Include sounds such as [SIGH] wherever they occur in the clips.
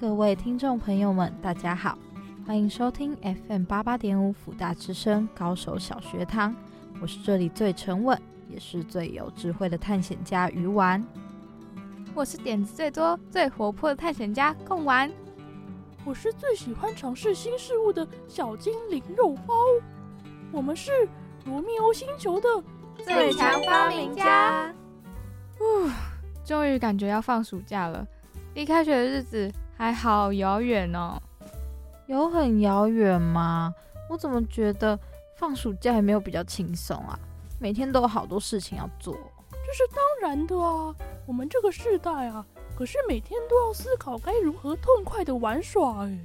各位聽眾朋友們，大家好，歡迎收聽 FM 八八點五輔大之聲高手小學堂。我是這裡最沉穩，也是最有智慧的探險家魚丸。我是點子最多、最活潑的探險家貢丸。我是最喜歡嘗試新事物的小精靈肉包。我們是羅密歐星球的最強發明家。嗚，終於感覺要放暑假了，離開學的日子。還好遙遠哦，有很遙遠嗎？我怎麼覺得放暑假還沒有比較輕鬆啊？每天都有好多事情要做。這是當然的啊。我們這個世代啊，可是每天都要思考該如何痛快的玩耍誒。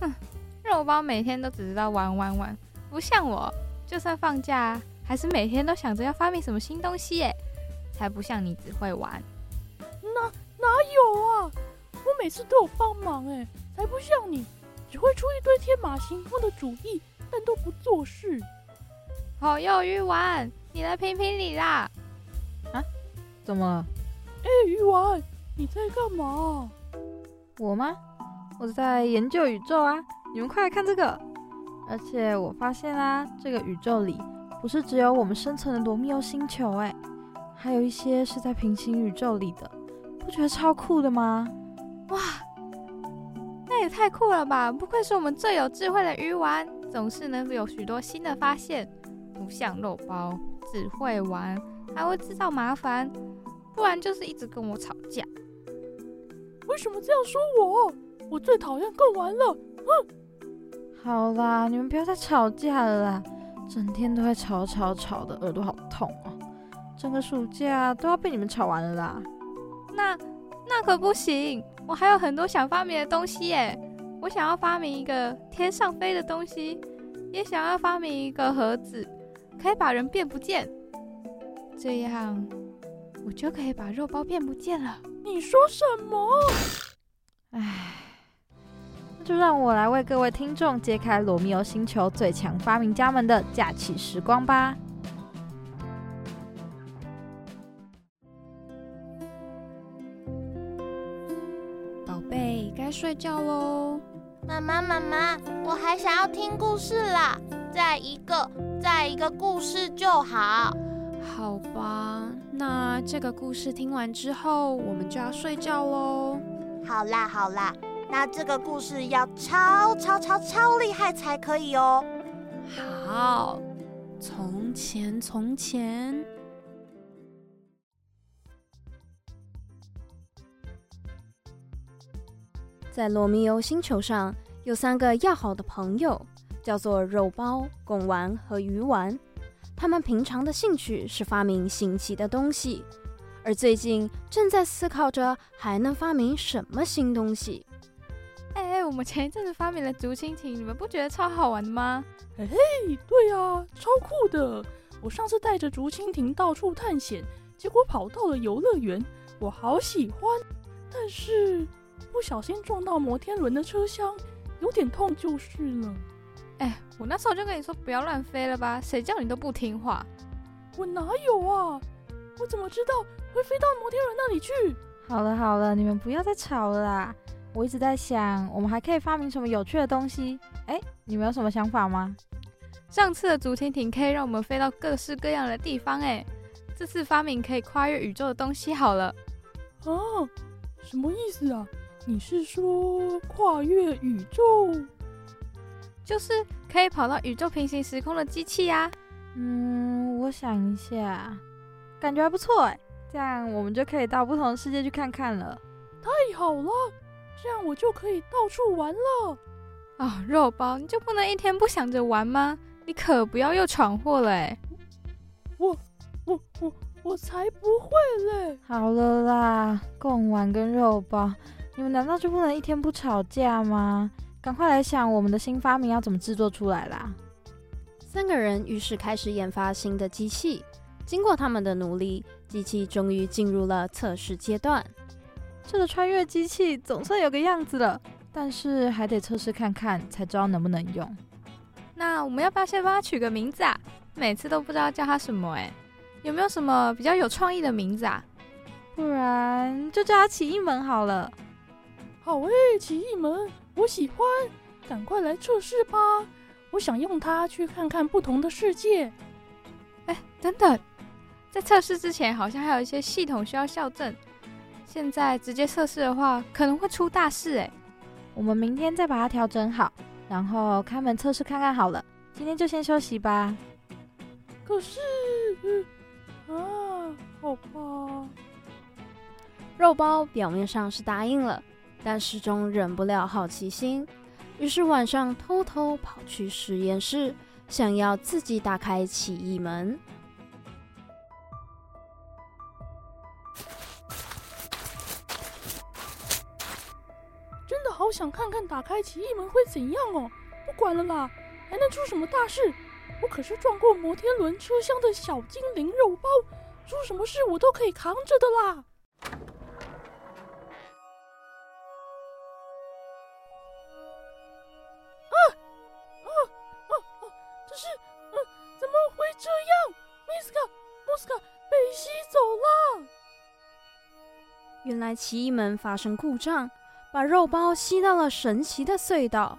哼，肉包每天都只知道玩玩玩，不像我，就算放假還是每天都想着要發明什麼新東西耶。才不像你只會玩，哪哪有啊？我每次都有幫忙哎、欸，才不像你，只會出一堆天馬行空的主意，但都不做事。好，喲，魚丸，你來評評理啦！啊？怎麼了？哎、欸，魚丸，你在幹嘛？我嗎？我在研究宇宙啊！你們快來看這個！而且我發現啦、啊，這個宇宙裡不是只有我們生存的羅密歐星球，哎、欸，還有一些是在平行宇宙裡的，不覺得超酷的嗎？哇，那也太酷了吧！不愧是我們最有智慧的魚丸，總是能有許多新的發現。不像肉包，只會玩，還會制造麻煩。不然就是一直跟我吵架。為什麼這樣說我？我最討厭夠玩了。哼！好啦，你們不要再吵架了啦，整天都在吵吵吵的，耳朵好痛哦。整個暑假都要被你們吵完了啦。那那可不行。我還有很多想發明的東西耶！我想要發明一個天上飛的東西，也想要發明一個盒子，可以把人變不見，這樣我就可以把肉包變不見了。你說什麼？唉，那就讓我來為各位聽眾揭開羅密歐星球最強發明家們的假期時光吧。睡覺嘍，媽媽媽媽，我還想要聽故事啦！再一個，再一個故事就好。好吧，那這個故事聽完之後，我們就要睡覺嘍。好啦好啦，那這個故事要超超超超厲害才可以哦。好，從前從前。在羅密歐星球上有三個要好的朋友，叫做肉包、貢丸和魚丸。他們平常的興趣是發明新奇的東西，而最近正在思考着還能發明什麼新東西。哎哎，我們前一陣子發明了竹蜻蜓，你們不覺得超好玩的嗎？哎嘿，對呀、啊，超酷的！我上次帶着竹蜻蜓到處探險，結果跑到了遊樂園，我好喜歡。但是，不小心撞到摩天輪的車廂，有點痛就是了。哎、欸，我那時候就跟你說不要亂飛了吧？誰叫你都不聽話。我哪有啊？我怎麼知道會飛到摩天輪那裡去？好了好了，你們不要再吵了啦。我一直在想，我們還可以發明什麼有趣的東西？哎、欸，你們有什麼想法嗎？上次的竹蜻蜓可以讓我們飛到各式各樣的地方、欸，哎，這次發明可以跨越宇宙的東西好了。啊，什麼意思啊？你是說跨越宇宙，就是可以跑到宇宙平行時空的機器呀、啊？嗯，我想一下，感覺還不錯哎，這樣我們就可以到不同的世界去看看了。太好了，這樣我就可以到處玩了。啊、哦，肉包，你就不能一天不想着玩嗎？你可不要又闖禍了哎！我、我、我、我才不會嘞！好了啦，貢丸跟肉包。你們難道就不能一天不吵架嗎？趕快來想我們的新發明要怎麼制作出來啦！三個人於是開始研發新的機器。經過他們的努力，機器終於進入了測試階段。這個穿越機器總算有個樣子了，但是還得測試看看才知道能不能用。那我們要不要先幫他取個名字啊？每次都不知道叫他什麼哎、欸，有沒有什麼比較有創意的名字啊？不然就叫他奇異門好了。好誒、欸，奇異門，我喜歡，趕快來測試吧！我想用它去看看不同的世界。哎、欸，等等，在測試之前好像還有一些系統需要校正，現在直接測試的話可能會出大事哎、欸。我們明天再把它調整好，然後開門測試看看好了。今天就先休息吧。可是，嗯、啊，好吧。肉包表面上是答應了。但始終忍不了好奇心，於是晚上偷偷跑去實驗室，想要自己打開奇異門。真的好想看看打開奇異門會怎樣哦！不管了啦，還能出什麼大事？我可是撞過摩天輪車廂的小精靈肉包，出什麼事我都可以扛着的啦！奇異門發生故障，把肉包吸到了神奇的隧道，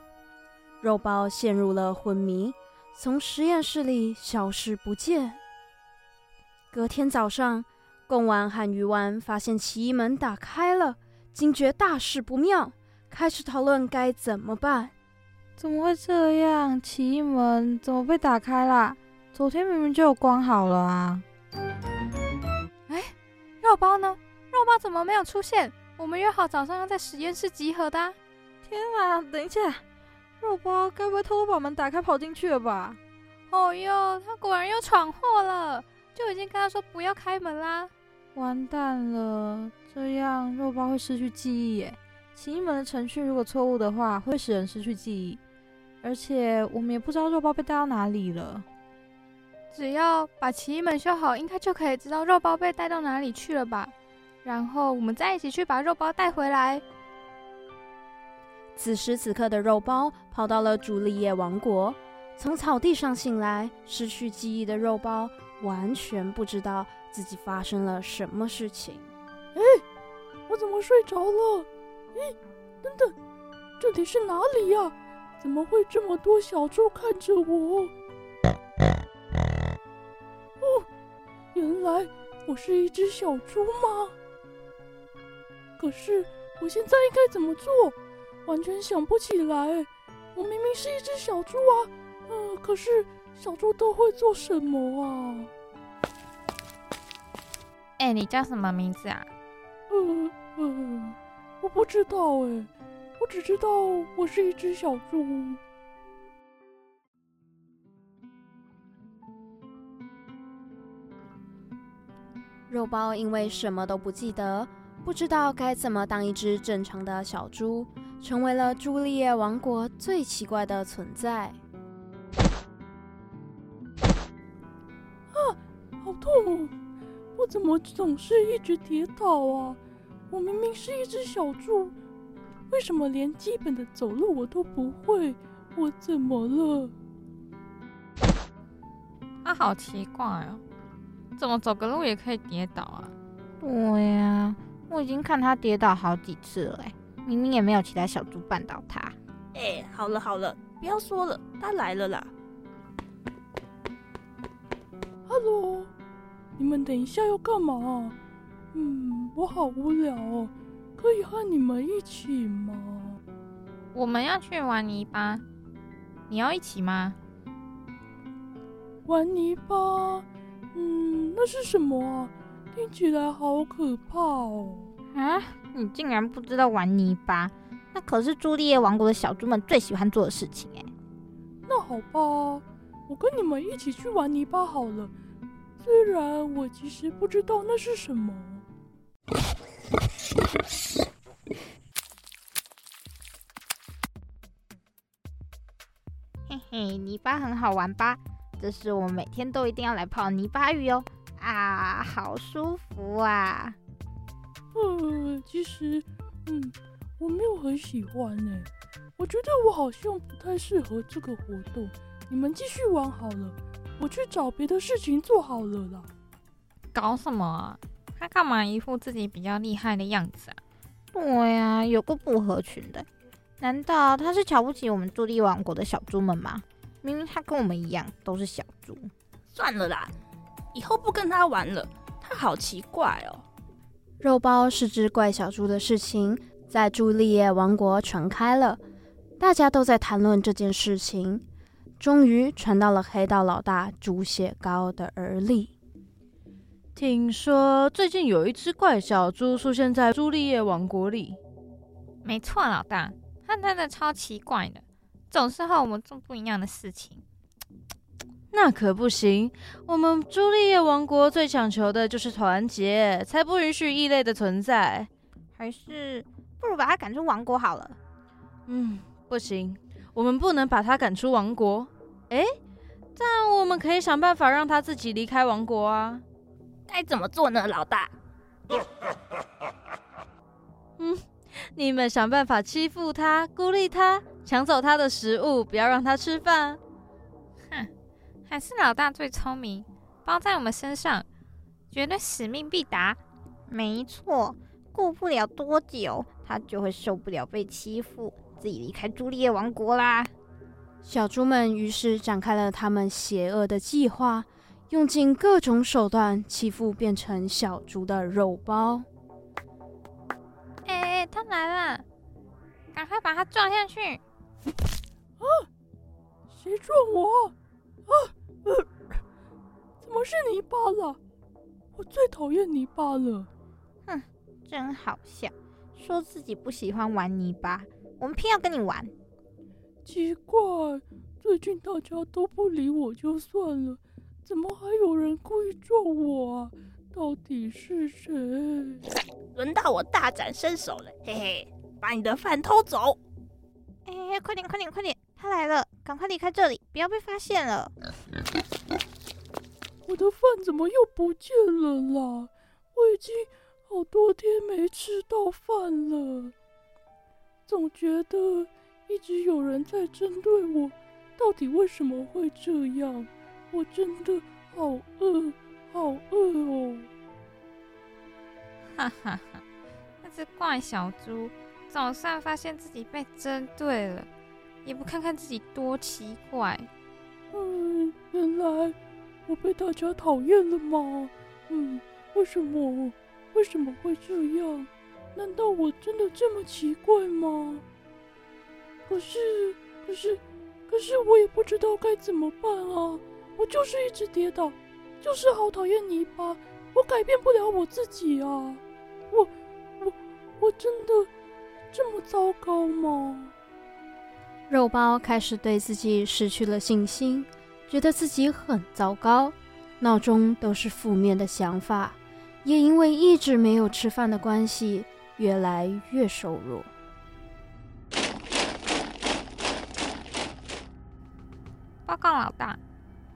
肉包陷入了昏迷，從實驗室裡消失不見。隔天早上，貢丸和魚丸發現奇異門打開了，驚覺大事不妙，開始討論該怎麼辦。怎麼會這樣？奇異門怎麼被打開了？昨天明明就關好了啊！哎，肉包呢？肉包怎麼沒有出現？我們約好早上要在實驗室集合的啊。天啊，等一下，肉包該不會偷偷把門打開跑進去了吧？哦喲，他果然又闖禍了！就已經跟他說不要開門啦。完蛋了，這樣肉包會失去記憶耶。奇異門的程序如果錯誤的話，會使人失去記憶。而且我們也不知道肉包被帶到哪裡了。只要把奇異門修好，應該就可以知道肉包被帶到哪裡去了吧？然後我們再一起去把肉包帶回來。此時此刻的肉包跑到了豬莉葉王國，從草地上醒來，失去記憶的肉包完全不知道自己發生了什麼事情。哎，我怎麼睡着了？哎，等等，這裡是哪裡呀、啊？怎麼會這麼多小豬看着我？哦，原來我是一只小豬嗎？可是我現在應該怎麼做？完全想不起來。我明明是一只小豬啊！嗯，可是小豬都會做什麼啊？哎、欸，你叫什麼名字啊？嗯嗯，我不知道哎，我只知道我是一只小豬。肉包因為什麼都不記得。不知道該怎麼當一隻正常的小豬，成為了豬莉葉王國最奇怪的存在。啊，好痛哦！我怎麼總是一直跌倒啊？我明明是一只小豬，為什麼連基本的走路我都不會？我怎麼了？啊，好奇怪哦！怎麼走個路也可以跌倒啊？我呀。我已經看他跌倒好幾次了，哎，明明也沒有其他小豬絆倒他。哎，欸，好了好了，不要說了，他來了啦。Hello，你們等一下要幹嘛？嗯，我好無聊哦，可以和你們一起嗎？我們要去玩泥巴，你要一起嗎？玩泥巴？嗯，那是什麼啊？聽起來好可怕哦！啊，你竟然不知道玩泥巴？那可是豬莉葉王國的小豬們最喜歡做的事情耶。那好吧，我跟你們一起去玩泥巴好了。雖然我其實不知道那是什麼。嘿嘿，泥巴很好玩吧？這是我每天都一定要來泡泥巴浴哦。啊，好舒服啊！嗯，其實，嗯，我沒有很喜歡呢、欸。我覺得我好像不太適合這個活動。你們繼續玩好了，我去找別的事情做好了啦。搞什麼？他幹嘛一副自己比較厲害的樣子啊？對呀，有個不合群的。難道他是瞧不起我們豬莉葉王國的小豬們嗎？明明他跟我們一樣都是小豬。算了啦。以後不跟他玩了，他好奇怪哦。肉包是隻怪小豬的事情，在豬莉葉王國傳開了，大家都在談論這件事情。終於傳到了黑道老大豬血糕的耳裡。聽說最近有一只怪小豬出現在豬莉葉王國裡。沒錯，老大，他真的超奇怪的，總是和我們做不一樣的事情。那可不行！我們豬莉葉王國最講求的就是團結，才不允許異類的存在。還是不如把他趕出王國好了。嗯，不行，我們不能把他趕出王國。哎、欸，但我們可以想辦法讓他自己離開王國啊。該怎麼做呢？老大。 [LAUGHS] 嗯，你們想辦法欺負他、孤立他、搶走他的食物，不要讓他吃飯。還是老大最聰明，包在我們身上，絕對使命必達。沒錯，過不了多久，他就會受不了被欺負，自己離開豬莉葉王國啦。小豬們於是展開了他們邪惡的計劃，用盡各種手段欺負變成小豬的肉包。哎、欸，他、欸、來了，趕快把他撞下去！啊，誰撞我？啊！呃，怎麼是泥巴了？我最討厭泥巴了。哼，真好笑，說自己不喜歡玩泥巴，我們偏要跟你玩。奇怪，最近大家都不理我就算了，怎麼還有人故意撞我啊？到底是誰？輪到我大展身手了，嘿嘿，把你的飯偷走！哎，快點，快點，快點！他來了，趕快離開這裡，不要被發現了！我的飯怎麼又不見了啦？我已經好多天沒吃到飯了，總覺得一直有人在針對我，到底為什麼會這樣？我真的好餓，好餓哦！哈哈哈，那隻怪小豬總算發現自己被針對了。也不看看自己多奇怪，嗯，原來我被大家討厭了嗎？嗯，為什麼？為什麼會這樣？難道我真的這麼奇怪嗎？可是，可是，可是我也不知道該怎麼辦啊！我就是一直跌倒，就是好討厭泥巴，我改變不了我自己啊！我，我，我真的這麼糟糕嗎？肉包開始對自己失去了信心，覺得自己很糟糕，腦中都是負面的想法，也因為一直沒有吃飯的關係，越來越瘦弱。報告老大，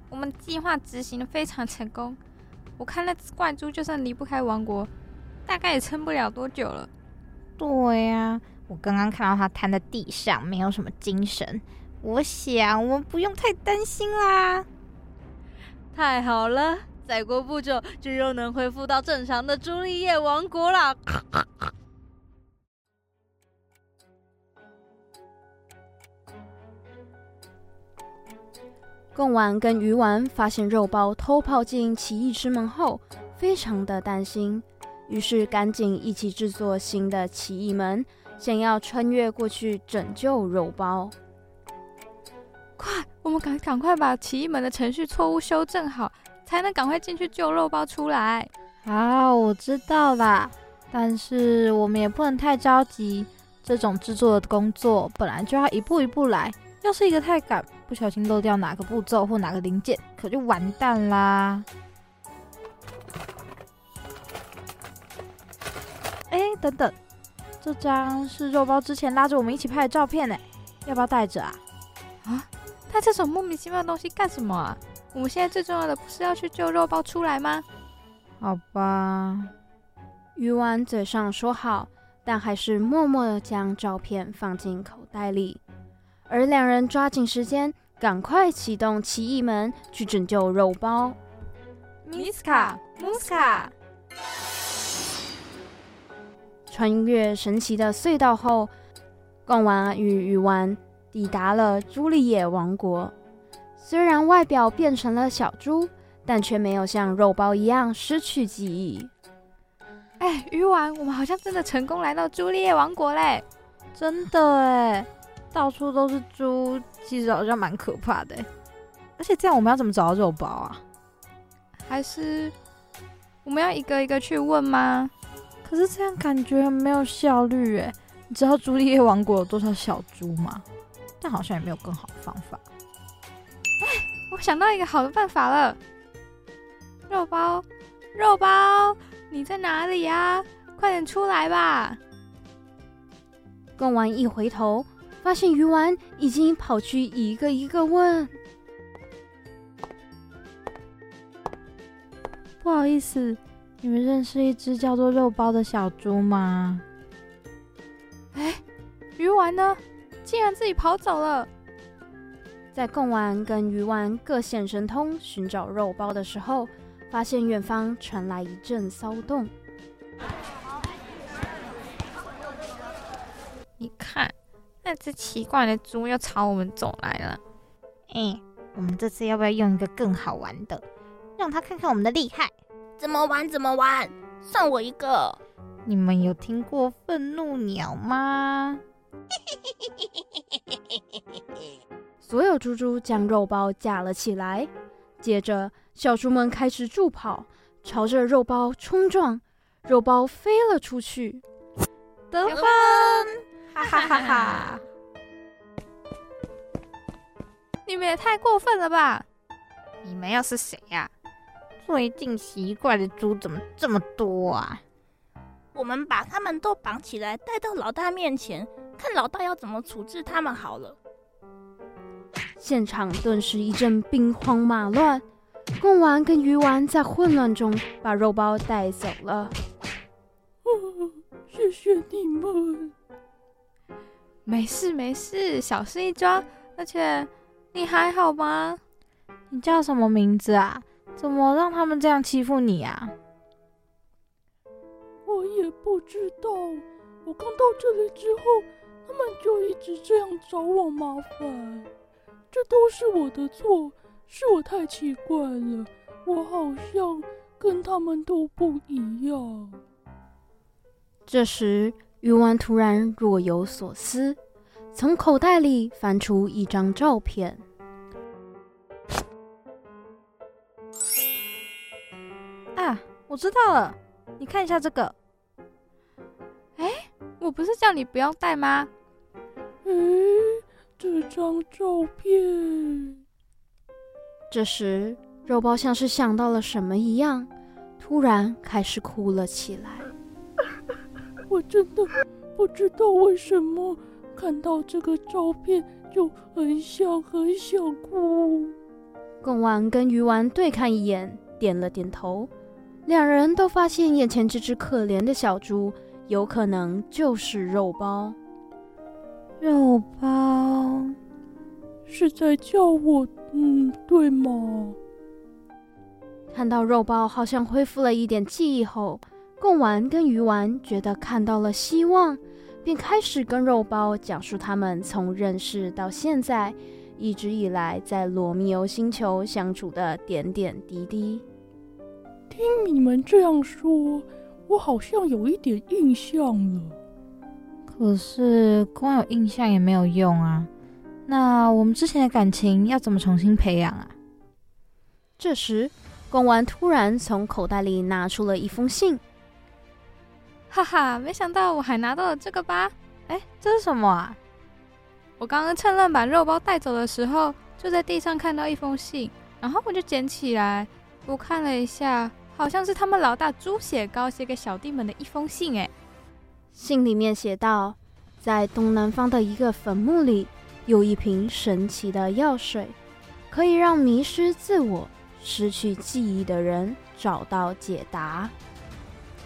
我們計劃執行的非常成功，我看那只怪豬就算離不開王國，大概也撐不了多久了。對呀、啊。我剛剛看到他癱在地上，沒有什麼精神。我想我們不用太擔心啦。太好了，再過不久就又能恢復到正常的豬莉葉王國了。貢丸跟魚丸發現肉包偷跑進奇異之門後，非常的擔心，於是趕緊一起制作新的奇異門。先要穿越過去拯救肉包，快！我們趕趕快把奇異門的程序錯誤修正好，才能趕快進去救肉包出來。好，我知道啦。但是我們也不能太着急，這種制作的工作本來就要一步一步來。要是一個太趕，不小心漏掉哪個步驟或哪個零件，可就完蛋啦。哎、欸，等等。這張是肉包之前拉着我們一起拍的照片呢，要不要帶着啊？啊，帶這種莫名其妙的東西幹什麼啊？我們現在最重要的不是要去救肉包出來嗎？好吧，魚丸嘴上說好，但還是默默的將照片放進口袋裡，而兩人抓緊時間，趕快啟動奇異門去拯救肉包。Miska，Miska 穿越神奇的隧道後，貢丸與魚丸抵達了豬莉葉王國。雖然外表變成了小豬，但卻沒有像肉包一樣失去記憶。哎、欸，魚丸，我們好像真的成功來到豬莉葉王國嘞、欸！真的哎、欸， [LAUGHS] 到處都是豬，其實好像蠻可怕的、欸。而且這樣我們要怎麼找到肉包啊？還是我們要一個一個去問嗎？可是這樣感覺很沒有效率哎！你知道《豬莉葉王國》有多少小豬嗎？但好像也沒有更好的方法。哎，我想到一個好的辦法了！肉包，肉包，你在哪裡呀、啊？快點出來吧！貢丸一回頭，發現魚丸已經跑去一個一個問。不好意思。你們認識一隻叫做肉包的小豬嗎？哎，魚丸呢？竟然自己跑走了！在貢丸跟魚丸各顯神通尋找肉包的時候，發現遠方傳來一陣騷動。你看，那隻奇怪的豬又朝我們走來了。哎、欸，我們這次要不要用一個更好玩的，讓他看看我們的厲害。怎麼玩？怎麼玩？算我一個！你們有聽過憤怒鳥嗎？ [LAUGHS] 所有豬豬將肉包架了起來，接着小豬們開始助跑，朝着肉包衝撞，肉包飛了出去，得分！哈哈哈哈！你們也太過分了吧！你們又是誰呀、啊？最近奇怪的豬怎麼這麼多啊？我們把他們都綁起來，帶到老大面前，看老大要怎麼處置他們好了。現場頓時一陣兵荒馬亂，貢丸跟魚丸在混亂中把肉包帶走了。哦，謝謝你們。沒事沒事，小事一樁。而且你還好嗎？你叫什麼名字啊？怎麼讓他們這樣欺負你啊？我也不知道，我剛到這裡之後，他們就一直這樣找我麻煩。這都是我的錯，是我太奇怪了，我好像跟他們都不一樣。這時，魚丸突然若有所思，從口袋裡翻出一張照片。我知道了，你看一下這個。哎，我不是叫你不要帶嗎？哎，這張照片。這時，肉包像是想到了什麼一樣，突然開始哭了起來。 [LAUGHS] 我真的不知道為什麼看到這個照片就很想很想哭。貢丸跟魚丸對看一眼，點了點頭。兩人都發現，眼前這只可憐的小豬有可能就是肉包。肉包是在叫我，嗯，對嗎？看到肉包好像恢復了一點記憶後，貢丸跟魚丸覺得看到了希望，便開始跟肉包講述他們從認識到現在，一直以來在羅密歐星球相處的點點滴滴。聽你們這樣說，我好像有一點印象了。可是光有印象也沒有用啊！那我們之前的感情要怎麼重新培養啊？這時，貢丸突然從口袋裡拿出了一封信。哈哈，沒想到我還拿到了這個吧？哎，這是什麼啊？我剛剛趁亂把肉包帶走的時候，就在地上看到一封信，然後我就撿起來，我看了一下。好像是他們老大豬血糕寫給小弟們的一封信。誒，信裡面寫道，在東南方的一個墳墓裡有一瓶神奇的藥水，可以讓迷失自我、失去記憶的人找到解答。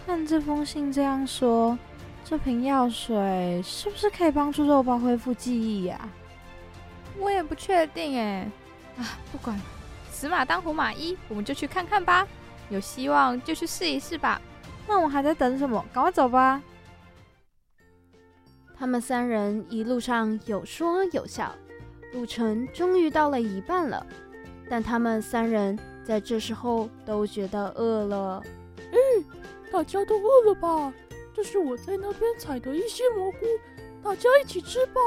看這封信這樣說，這瓶藥水是不是可以幫助肉包恢復記憶呀？啊？我也不確定，哎，啊，不管死馬當活馬醫，我們就去看看吧。有希望就去試一試吧，那我還在等什麼？趕快走吧！他們三人一路上有說有笑，路程終於到了一半了，但他們三人在這時候都覺得餓了。哎，大家都餓了吧？這是我在那邊採的一些蘑菇，大家一起吃吧！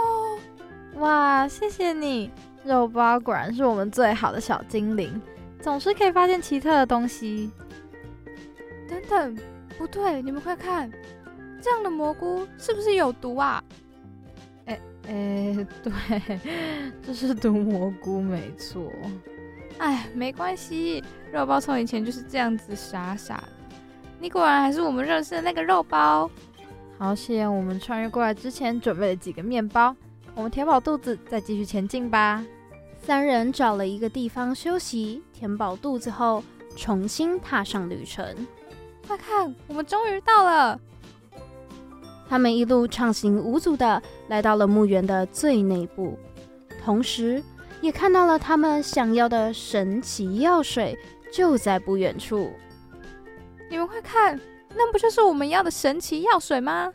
哇，謝謝你，肉包果然是我們最好的小精靈。總是可以發現奇特的東西。等等，不對，你們快看，這樣的蘑菇是不是有毒啊？哎、欸、哎、欸，對，這是毒蘑菇，沒錯。哎，沒關係，肉包從以前就是這樣子傻傻的。你果然還是我們認識的那個肉包。好，謝謝。我們穿越過來之前準備了幾個麵包，我們填飽肚子再繼續前進吧。三人找了一個地方休息。填飽肚子後，重新踏上旅程。快看，我們終於到了！他們一路暢行無阻的來到了墓園的最內部，同時也看到了他們想要的神奇藥水就在不遠處。你們快看，那不就是我們要的神奇藥水嗎？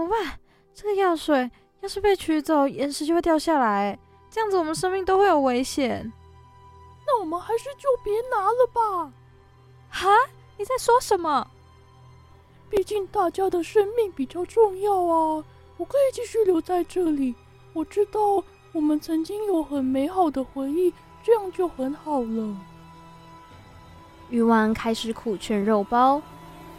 怎麼辦？這個藥水要是被取走，岩石，就會掉下來，這樣子我們生命都會有危險。那我們還是就別拿了吧。哈？你在說什麼？畢竟大家的生命比較重要啊。我可以繼續留在這裡。我知道我們曾經有很美好的回憶，這樣就很好了。魚丸開始苦勸肉包，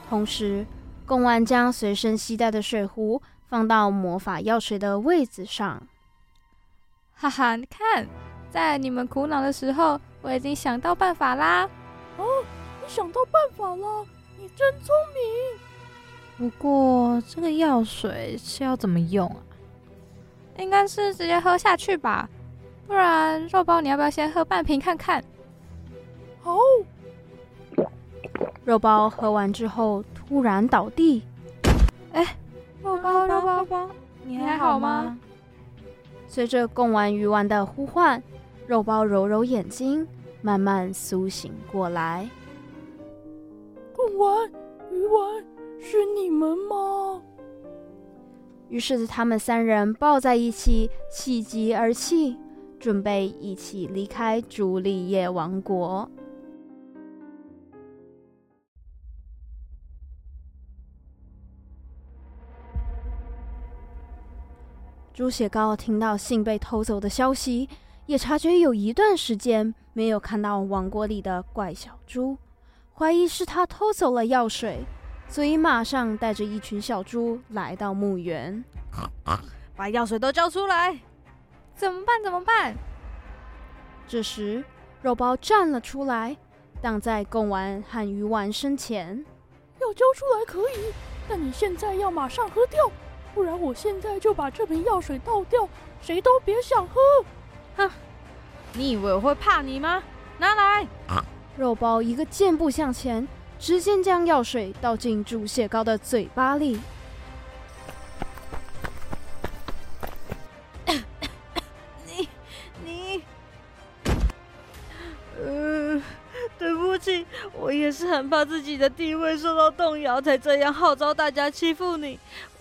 同時。貢丸將隨身攜帶的水壺放到魔法藥水的位置上。哈哈，你看，在你們苦惱的時候，我已經想到辦法啦！哦，你想到辦法了，你真聰明。不過這個藥水是要怎麼用啊？應該是直接喝下去吧，不然肉包你要不要先喝半瓶看看？好，肉包喝完之後。忽然倒地，哎，肉包肉包肉包，你還好嗎？隨着貢丸魚丸的呼喚，肉包揉揉眼睛，慢慢蘇醒過來。貢丸、魚丸是你們嗎？於是他們三人抱在一起，喜極而泣，準備一起離開豬莉葉王國。豬血糕聽到信被偷走的消息，也察覺有一段時間沒有看到王國裡的怪小豬，懷疑是他偷走了藥水，所以馬上帶着一群小豬來到墓園。把藥水都交出來！怎麼辦？怎麼辦？這時肉包站了出來，擋在貢丸和魚丸身前，要交出來可以，但你現在要馬上喝掉。不然我現在就把這瓶藥水倒掉，誰都別想喝！哼，你以為我會怕你嗎？拿來！肉包一個箭步向前，直接將藥水倒進豬血糕的嘴巴裡。你你、呃，對不起，我也是很怕自己的地位受到動搖，才這樣號召大家欺負你。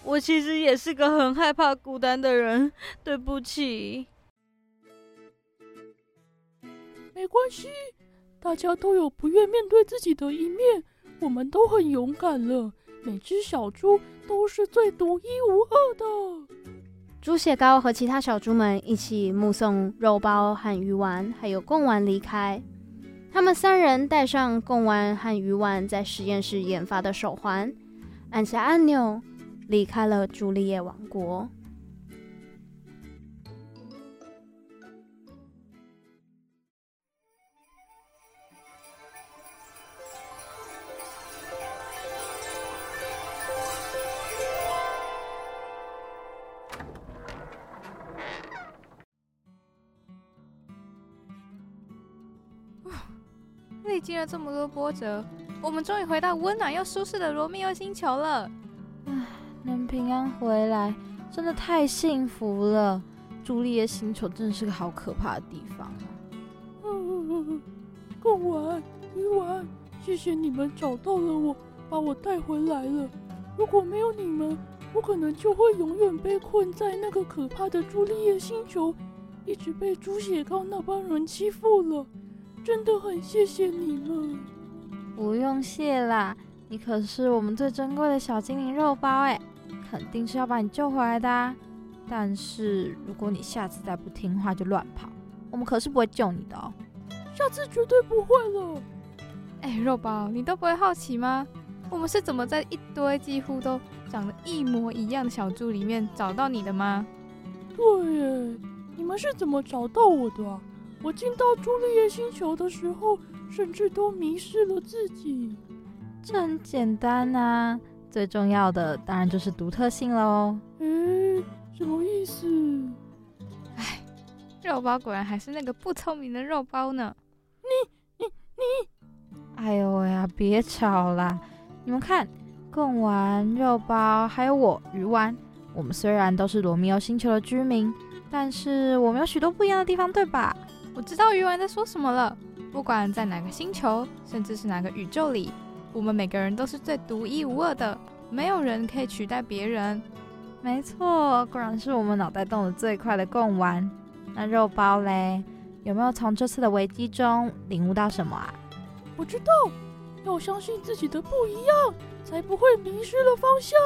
我其實也是個很害怕孤單的人，對不起。沒關係，大家都有不願面對自己的一面，我們都很勇敢了。每隻小豬都是最獨一無二的。豬血糕和其他小豬們一起目送肉包和魚丸還有貢丸離開。他們三人戴上貢丸和魚丸在實驗室研發的手環，按下按鈕。離開了豬莉葉王國。哇！歷經了這麼多波折，我們終於回到溫暖又舒適的羅密歐星球了。平安回來，真的太幸福了！豬莉葉星球真的是個好可怕的地方啊。嗯、貢丸、魚丸，謝謝你們找到了我，把我帶回來了。如果沒有你們，我可能就會永遠被困在那個可怕的豬莉葉星球，一直被豬血糕那幫人欺負了。真的很謝謝你們。不用謝啦，你可是我們最珍貴的小精靈肉包哎、欸。肯定是要把你救回來的啊，但是如果你下次再不聽話就亂跑，我們可是不會救你的哦。下次絕對不會了。哎、欸，肉包，你都不會好奇嗎？我們是怎麼在一堆幾乎都長得一模一樣的小豬裡面找到你的嗎？對，你們是怎麼找到我的啊？我進到豬莉葉星球的時候，甚至都迷失了自己。這很簡單啊。最重要的當然就是獨特性嘍。嗯，什麼意思？哎，肉包果然還是那個不聰明的肉包呢。你、你、你！哎呦喂呀，別吵啦！你們看，貢丸、肉包還有我魚丸，我們雖然都是羅密歐星球的居民，但是我們有許多不一樣的地方，對吧？我知道魚丸在說什麼了。不管在哪個星球，甚至是哪個宇宙裡，我們每個人都是最獨一無二的，沒有人可以取代別人。沒錯，果然是我們腦袋動得最快的貢丸。那肉包嘞？有沒有從這次的危機中領悟到什麼啊？我知道，要相信自己的不一樣，才不會迷失了方向。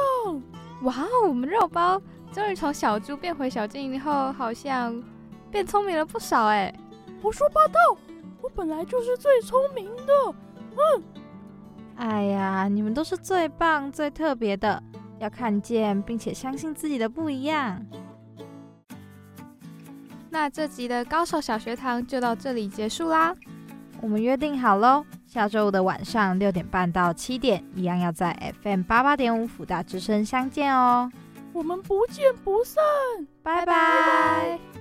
哇哦，我們肉包終於從小豬變回小精靈後，好像變聰明了不少哎。胡說八道，我本來就是最聰明的。嗯。哎呀，你們都是最棒、最特別的，要看見並且相信自己的不一樣。那這集的高手小學堂就到這裡結束啦。我們約定好嘍，下周五的晚上六點半到七點，一樣要在 FM 八八點五輔大之聲相見哦。我們不見不散，拜拜。Bye bye。